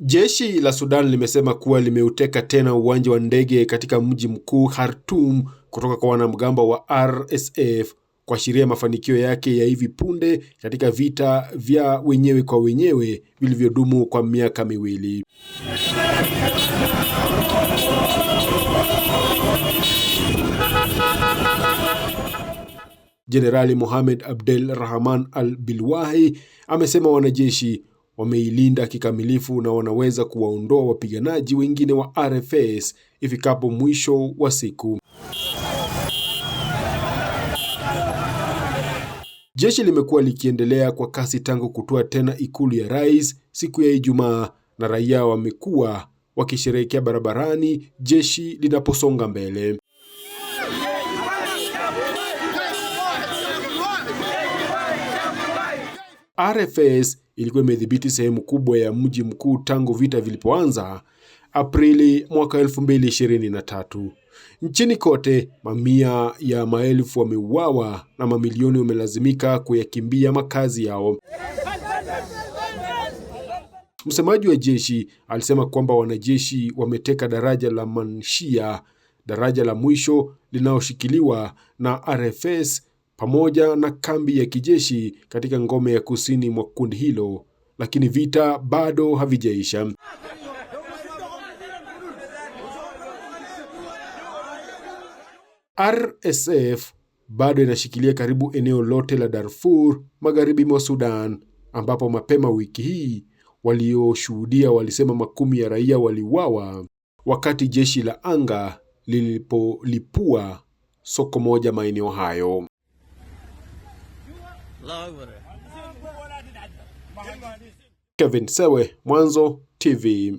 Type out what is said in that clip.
Jeshi la Sudan limesema kuwa limeuteka tena uwanja wa ndege katika mji mkuu Khartoum kutoka kwa wanamgambo wa RSF kuashiria mafanikio yake ya hivi punde katika vita vya wenyewe kwa wenyewe vilivyodumu kwa miaka miwili. Jenerali Mohamed Abdel Rahman Al Bilwahi amesema wanajeshi wameilinda kikamilifu na wanaweza kuwaondoa wapiganaji wengine wa RFS ifikapo mwisho wa siku. Jeshi limekuwa likiendelea kwa kasi tangu kutoa tena ikulu ya rais siku ya Ijumaa, na raia wamekuwa wakisherehekea barabarani jeshi linaposonga mbele. RFS ilikuwa imedhibiti sehemu kubwa ya mji mkuu tangu vita vilipoanza Aprili mwaka 2023. Nchini kote, mamia ya maelfu wameuawa na mamilioni wamelazimika kuyakimbia makazi yao. Msemaji wa jeshi alisema kwamba wanajeshi wameteka daraja la Manshia, daraja la mwisho linaloshikiliwa na RFS pamoja na kambi ya kijeshi katika ngome ya kusini mwa kundi hilo, lakini vita bado havijaisha. RSF bado inashikilia karibu eneo lote la Darfur magharibi mwa Sudan, ambapo mapema wiki hii walioshuhudia walisema makumi ya raia waliuawa wakati jeshi la anga lilipolipua soko moja maeneo hayo. Kevin Sewe, Mwanzo TV.